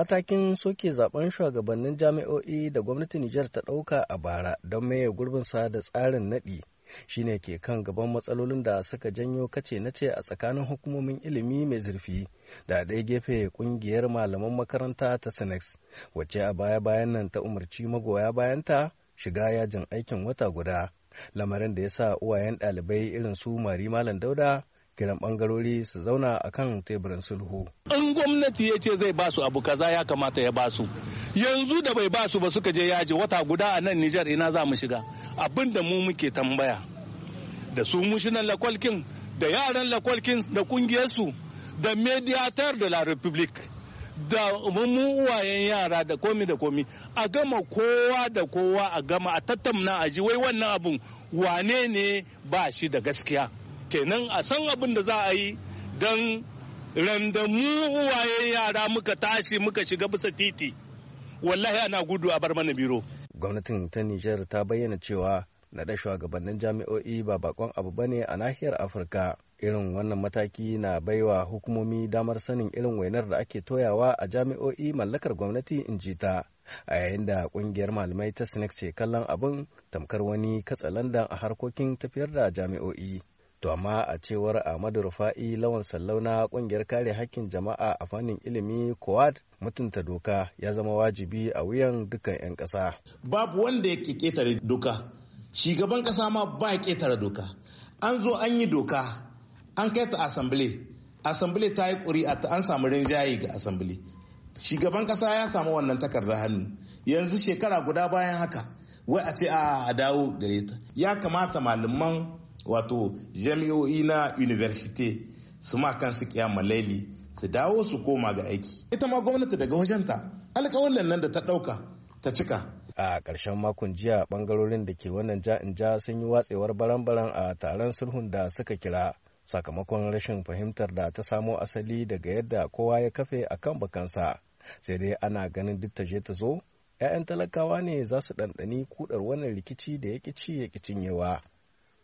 matakin soke zaben shugabannin jami'o'i da gwamnati Nijar ta ɗauka a bara don maye gurbin sa da tsarin naɗi shine ke kan gaban matsalolin da suka janyo kace na ce a tsakanin hukumomin ilimi mai zurfi da ɗaya gefe kungiyar malaman makaranta ta senex wacce a baya-bayan nan ta umarci magoya bayanta shiga yajin aikin wata guda lamarin da ya sa uwayen ɗalibai irin su mari malam dauda kiran bangarori su zauna a kan teburin sulhu. In gwamnati ya ce zai basu abu kaza ya kamata ya basu. Yanzu da bai basu ba suka je yaji wata guda a nan Nijar ina za mu shiga. Abin da mu muke tambaya. Da su mushinan lakwalkin, da yaran lakwalkin da kungiyarsu, da mediator de la republique. da mu uwayen yara da komi da komi a gama kowa da kowa a gama a tattamna aji wai wannan abun wane ne ba shi da gaskiya kenan a san abin da za a yi don randa mu uwaye yara muka tashi muka shiga bisa titi wallahi ana gudu a bar mana biro gwamnatin ta nijar ta bayyana cewa naɗa shugabannin jami'o'i ba bakon abu bane a nahiyar afirka irin wannan mataki na baiwa hukumomi damar sanin irin wainar da ake toyawa a jami'o'i mallakar gwamnati in ji ta a yayin da kungiyar malamai ta sinex ke kallon abin tamkar wani katsalandan a harkokin tafiyar da jami'o'i To amma a cewar Ahmadu Rufa'i lawan sallauna ƙungiyar kungiyar kare hakkin jama'a a fannin ilimi Kowad mutunta doka ya zama wajibi a wuyan dukkan 'yan ƙasa. Babu wanda yake ƙetare doka. Shugaban ƙasa ma ba ƙetare doka. An zo an yi doka an kai ta asambile. Asambile ta yi ƙuri'a ta an samu rinjaye ga asambile. shigaban ƙasa ya samu wannan takardar hannu. Yanzu shekara guda bayan haka wai a ce a dawo gare ta. Ya kamata malaman wato jami'o'i na university su ma kansu kiyama laili su dawo su koma ga aiki ita ma gwamnati daga wajenta alkawalin nan da ta ɗauka ta cika a ƙarshen makon jiya bangarorin da ke wannan ja sun yi watsewar baran-baran a taron sulhun da suka kira sakamakon rashin fahimtar da ta samo asali daga yadda kowa ya kafe a kan bakansa sai dai ana ganin duk ta je ta zo 'ya'yan talakawa ne za su ɗanɗani kudar wannan rikici da ya ci, ya cinyewa.